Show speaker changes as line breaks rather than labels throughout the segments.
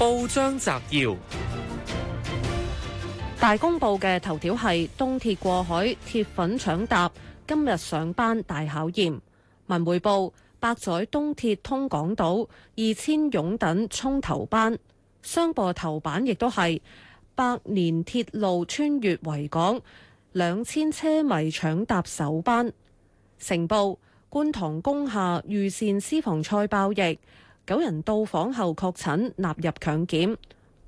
報章摘要：
大公報嘅頭條係東鐵過海鐵粉搶搭，今日上班大考驗。文匯報：百載東鐵通港島，二千擁躉衝頭班。商報頭版亦都係百年鐵路穿越維港，兩千車迷搶搭首班。成報：觀塘工廈預線私房菜爆疫。有人到訪後確診納入強檢。《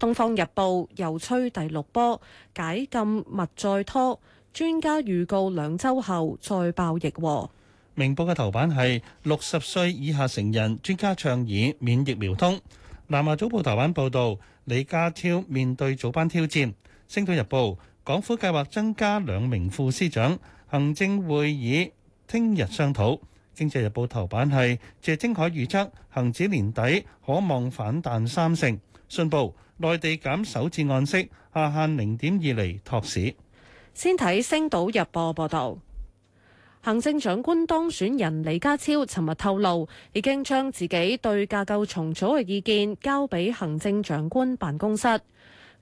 東方日報》又吹第六波，解禁勿再拖。專家預告兩週後再爆疫。
《明報》嘅頭版係六十歲以下成人，專家倡議免疫苗通。《南華早報》頭版報導，李家超面對早班挑戰。《星島日報》港府計劃增加兩名副司長，行政會議聽日商討。《經濟日報》頭版係謝晶海預測，恆指年底可望反彈三成。信報，內地減首次按息下限零點二釐托市。
先睇《星島日報》報道，行政長官當選人李家超尋日透露，已經將自己對架構重組嘅意見交俾行政長官辦公室。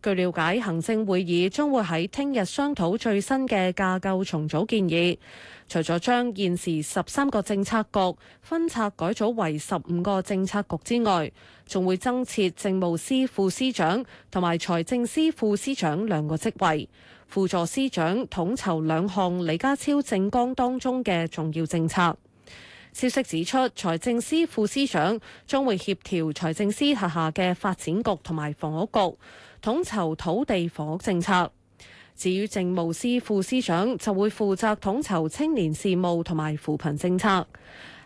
據了解，行政會議將會喺聽日商討最新嘅架構重組建議。除咗將現時十三個政策局分拆改組為十五個政策局之外，仲會增設政務司副司長同埋財政司副司長兩個職位，輔助司長統籌兩項李家超政綱當中嘅重要政策。消息指出，財政司副司長將會協調財政司轄下嘅發展局同埋房屋局。統籌土地房屋政策，至於政務司副司長就會負責統籌青年事務同埋扶貧政策。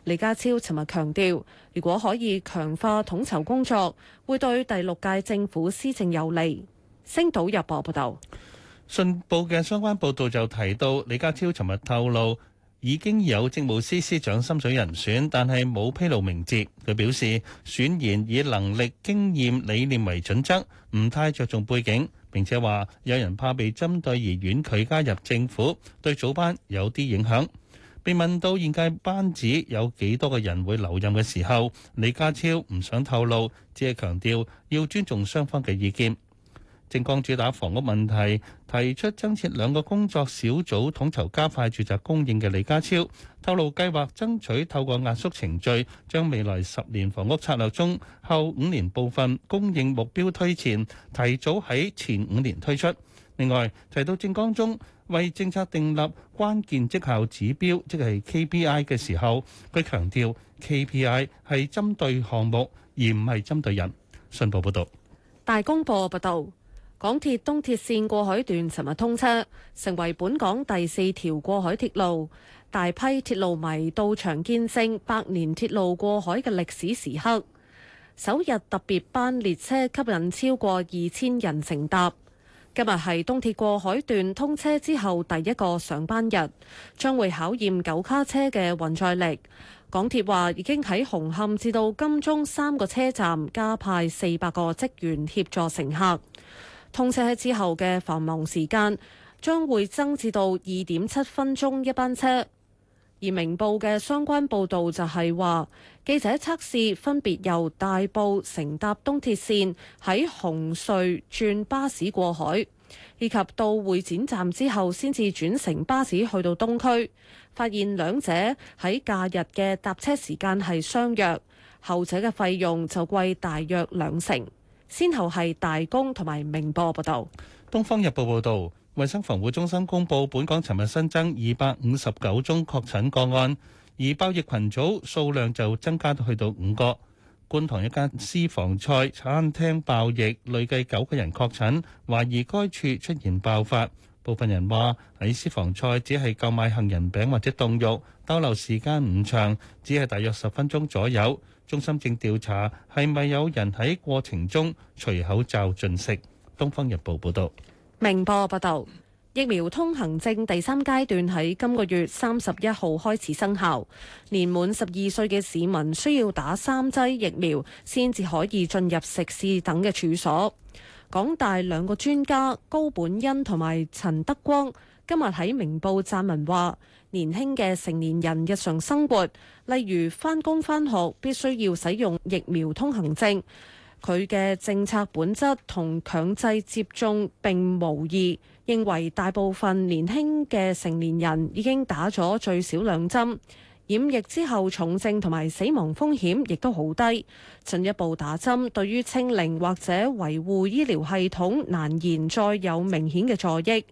李家超尋日強調，如果可以強化統籌工作，會對第六屆政府施政有利。星島日報報道。
信報嘅相關報導就提到，李家超尋日透露，已經有政務司司長心水人選，但係冇披露名字。佢表示選人以能力、經驗、理念為準則，唔太着重背景。並且話有人怕被針對而婉拒加入政府，對組班有啲影響。被問到現屆班子有幾多個人會留任嘅時候，李家超唔想透露，只係強調要尊重雙方嘅意見。政綱主打房屋問題。提出增設兩個工作小組統籌加快住宅供應嘅李家超透露，計劃爭取透過壓縮程序，將未來十年房屋策略中後五年部分供應目標推前，提早喺前五年推出。另外提到政綱中為政策訂立關鍵績效指標，即係 KPI 嘅時候，佢強調 KPI 係針對項目而唔係針對人。信報報道。
大公報報道。港鐵東鐵綫過海段尋日通車，成為本港第四條過海鐵路。大批鐵路迷到場見證百年鐵路過海嘅歷史時刻。首日特別班列車吸引超過二千人乘搭。今日係東鐵過海段通車之後第一個上班日，將會考驗九卡車嘅運載力。港鐵話已經喺紅磡至到金鐘三個車站加派四百個職員協助乘客。通車之後嘅繁忙時間，將會增至到二點七分鐘一班車。而明報嘅相關報導就係話，記者測試分別由大埔乘搭東鐵線喺紅隧轉巴士過海，以及到會展站之後先至轉乘巴士去到東區，發現兩者喺假日嘅搭車時間係相若，後者嘅費用就貴大約兩成。先後係大公同埋明報報道，
《東方日報》報道，衛生防護中心公布本港尋日新增二百五十九宗確診個案，而爆疫群組數量就增加到去到五個。觀塘一間私房菜餐廳爆疫，累計九個人確診，懷疑該處出現爆發。部分人話喺私房菜只係購買杏仁餅或者凍肉，逗留時間唔長，只係大約十分鐘左右。中心正調查係咪有人喺過程中除口罩進食。《東方日報》報道，
明報報道疫苗通行證第三階段喺今個月三十一號開始生效。年滿十二歲嘅市民需要打三劑疫苗，先至可以進入食肆等嘅處所。港大兩個專家高本恩同埋陳德光，今日喺明報撰文話，年輕嘅成年人日常生活，例如返工、返學，必須要使用疫苗通行證。佢嘅政策本質同強制接種並無異，認為大部分年輕嘅成年人已經打咗最少兩針，染疫之後，重症同埋死亡風險亦都好低。進一步打針對於清零或者維護醫療系統，難言再有明顯嘅助益。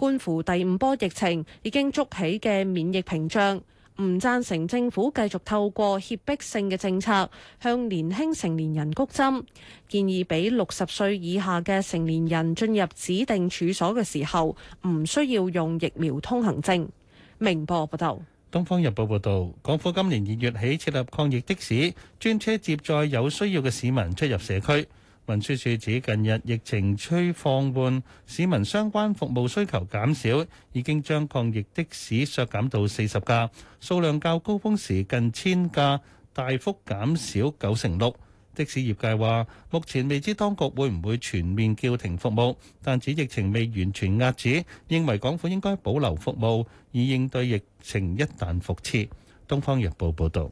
觀乎第五波疫情已經築起嘅免疫屏障，唔贊成政府繼續透過脅迫性嘅政策向年輕成年人谷針，建議俾六十歲以下嘅成年人進入指定處所嘅時候，唔需要用疫苗通行證。明報報道：《
東方日報》報道，港府今年二月起設立抗疫的士，專車接載有需要嘅市民出入社區。運輸署指近日疫情趨放緩，市民相關服務需求減少，已經將抗疫的士削減到四十架，數量較高峰時近千架，大幅減少九成六。的士業界話，目前未知當局會唔會全面叫停服務，但指疫情未完全遏止，認為港府應該保留服務以應對疫情一旦復熾。東方日報報道，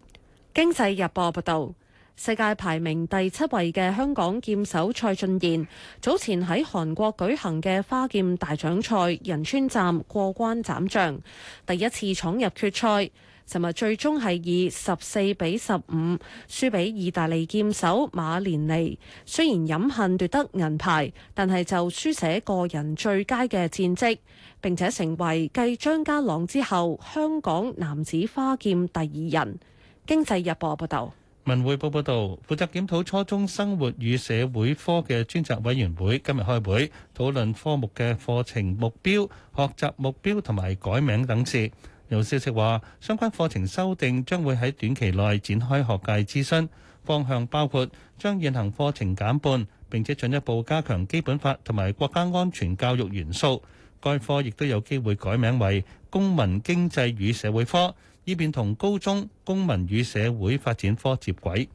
經濟日報報道。世界排名第七位嘅香港劍手蔡俊賢，早前喺韓國舉行嘅花劍大獎賽仁川站過關斬將，第一次闖入決賽。尋日最終係以十四比十五輸俾意大利劍手馬連尼，雖然飲恨奪得銀牌，但係就書寫個人最佳嘅戰績，並且成為繼張家朗之後香港男子花劍第二人。經濟日報報、啊、道。
文匯報報道，負責檢討初中生活與社會科嘅專責委員會今日開會，討論科目嘅課程目標、學習目標同埋改名等事。有消息話，相關課程修訂將會喺短期內展開學界諮詢，方向包括將現行課程減半，並且進一步加強基本法同埋國家安全教育元素。該科亦都有機會改名為公民、經濟與社會科。以便同高中公民與社會發展科接軌。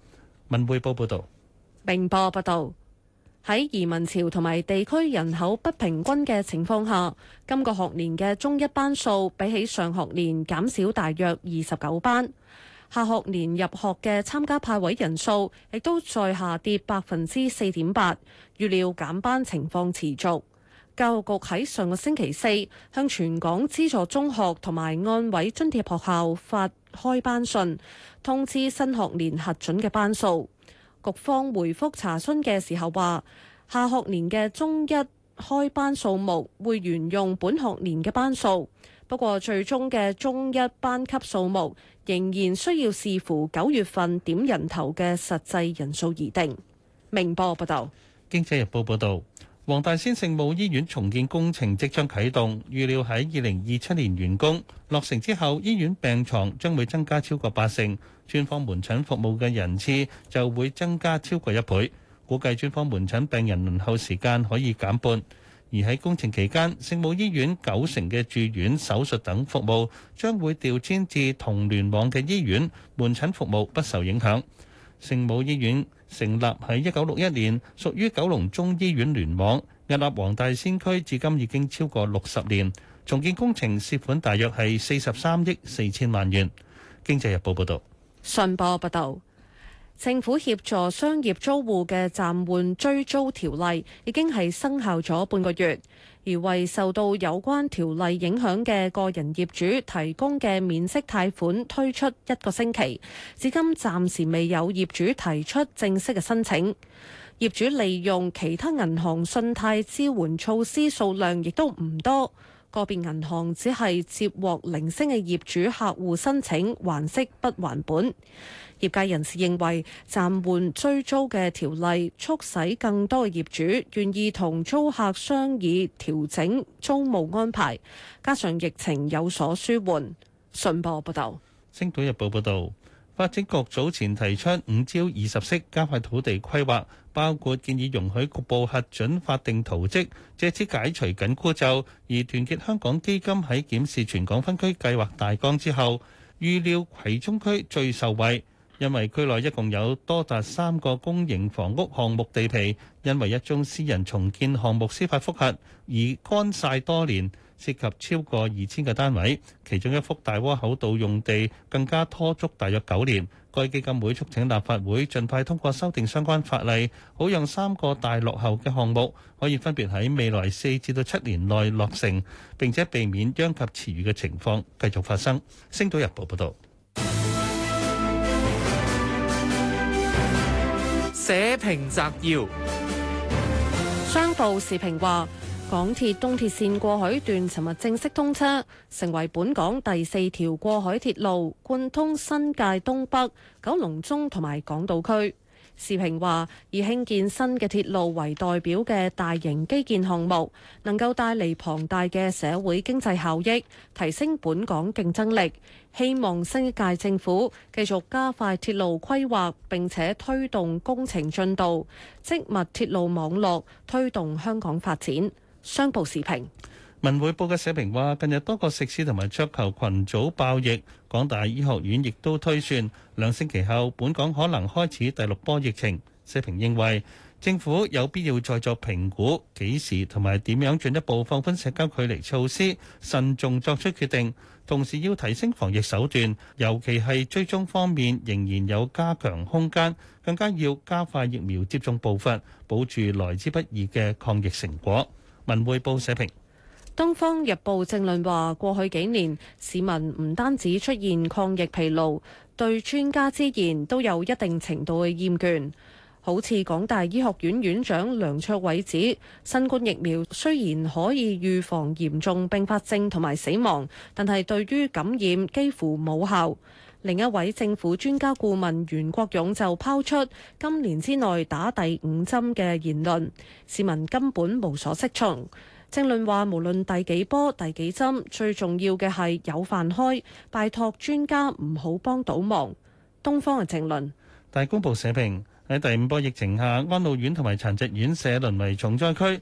文匯報報道。
明報報道，喺移民潮同埋地區人口不平均嘅情況下，今個學年嘅中一班數比起上學年減少大約二十九班。下學年入學嘅參加派位人數亦都在下跌百分之四點八，預料減班情況持續。教育局喺上個星期四向全港資助中學同埋安委津貼學校發開班信，通知新學年核准嘅班數。局方回覆查詢嘅時候話，下學年嘅中一開班數目會沿用本學年嘅班數，不過最終嘅中一班級數目仍然需要視乎九月份點人頭嘅實際人數而定。明報報，報道，《經濟
日報》報道。黃大仙聖母醫院重建工程即將啟動，預料喺二零二七年完工。落成之後，醫院病床將會增加超過八成，專科門診服務嘅人次就會增加超過一倍，估計專科門診病人輪候時間可以減半。而喺工程期間，聖母醫院九成嘅住院、手術等服務將會調遷至同聯網嘅醫院，門診服務不受影響。聖母醫院成立喺一九六一年，屬於九龍中醫院聯網，屹立黃大仙區至今已經超過六十年。重建工程涉款大約係四十三億四千萬元。經濟日報報道。
信報報道，政府協助商業租戶嘅暫緩追租條例已經係生效咗半個月。而為受到有關條例影響嘅個人業主提供嘅免息貸款推出一個星期，至今暫時未有業主提出正式嘅申請。業主利用其他銀行信貸支援措施數量亦都唔多。個別銀行只係接獲零星嘅業主客戶申請還息不還本，業界人士認為暫緩追租嘅條例促使更多嘅業主願意同租客商議調整租務安排，加上疫情有所舒緩。信報報道。
《星島日報》報道：發展局早前提出五招二十式加快土地規劃。包括建議容許局部核准法定圖則，藉此解除緊箍咒。而團結香港基金喺檢視全港分區計劃大綱之後，預料葵涌區最受惠，因為區內一共有多達三個公營房屋項目地皮，因為一宗私人重建項目司法覆核而乾曬多年，涉及超過二千個單位，其中一幅大窩口道用地更加拖足大約九年。該基金會促請立法會盡快通過修訂相關法例，好讓三個大落後嘅項目可以分別喺未來四至到七年內落成，並且避免殃及池魚嘅情況繼續發生。星島日報報道。社評摘要，
商報時評話。港鐵東鐵線過海段尋日正式通車，成為本港第四條過海鐵路，貫通新界東北、九龍中同埋港島區。時評話：以興建新嘅鐵路為代表嘅大型基建項目，能夠帶嚟龐大嘅社會經濟效益，提升本港競爭力。希望新一屆政府繼續加快鐵路規劃，並且推動工程進度，積密鐵路網絡，推動香港發展。商報時評。
文匯報嘅社評話：近日多個食肆同埋桌球群組爆疫，港大醫學院亦都推算兩星期後，本港可能開始第六波疫情。社評認為政府有必要再作評估幾時同埋點樣進一步放寬社交距離措施，慎重作出決定。同時要提升防疫手段，尤其係追蹤方面仍然有加強空間，更加要加快疫苗接種步伐，保住來之不易嘅抗疫成果。文匯報社評：
東方日報正論話，過去幾年市民唔單止出現抗疫疲勞，對專家之言都有一定程度嘅厭倦。好似港大醫學院院長梁卓偉指，新冠疫苗雖然可以預防嚴重併發症同埋死亡，但係對於感染幾乎冇效。另一位政府專家顧問袁國勇就拋出今年之內打第五針嘅言論，市民根本無所適從。政論話無論第幾波、第幾針，最重要嘅係有飯開，拜託專家唔好幫倒忙。東方嘅政論。
大公報社評喺第五波疫情下，安老院同埋殘疾院社淪為重災區。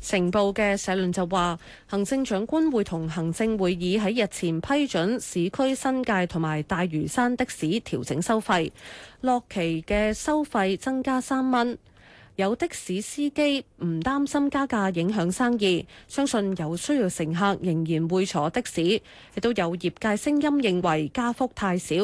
成報嘅社論就話，行政長官會同行政會議喺日前批准市區新界同埋大嶼山的士調整收費，落旗嘅收費增加三蚊。有的士司機唔擔心加價影響生意，相信有需要乘客仍然會坐的士。亦都有業界聲音認為加幅太少。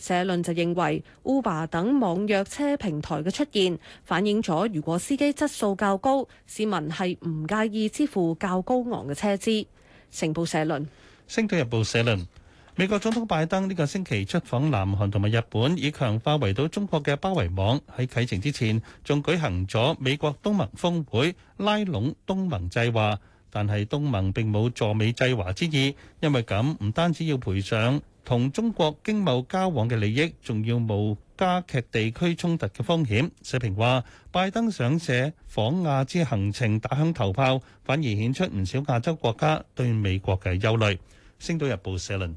社論就認為，Uber 等網約車平台嘅出現，反映咗如果司機質素較高，市民係唔介意支付較高昂嘅車資。成報社論。
星島日報社論。美國總統拜登呢個星期出訪南韓同埋日本，以強化圍堵中國嘅包圍網。喺啟程之前，仲舉行咗美國東盟峰會，拉攏東盟制華。但係東盟並冇助美制華之意，因為咁唔單止要賠償。同中國經貿交往嘅利益，仲要冇加劇地區衝突嘅風險。社評話，拜登上社訪亞之行程打響頭炮，反而顯出唔少亞洲國家對美國嘅憂慮。星島日報社論。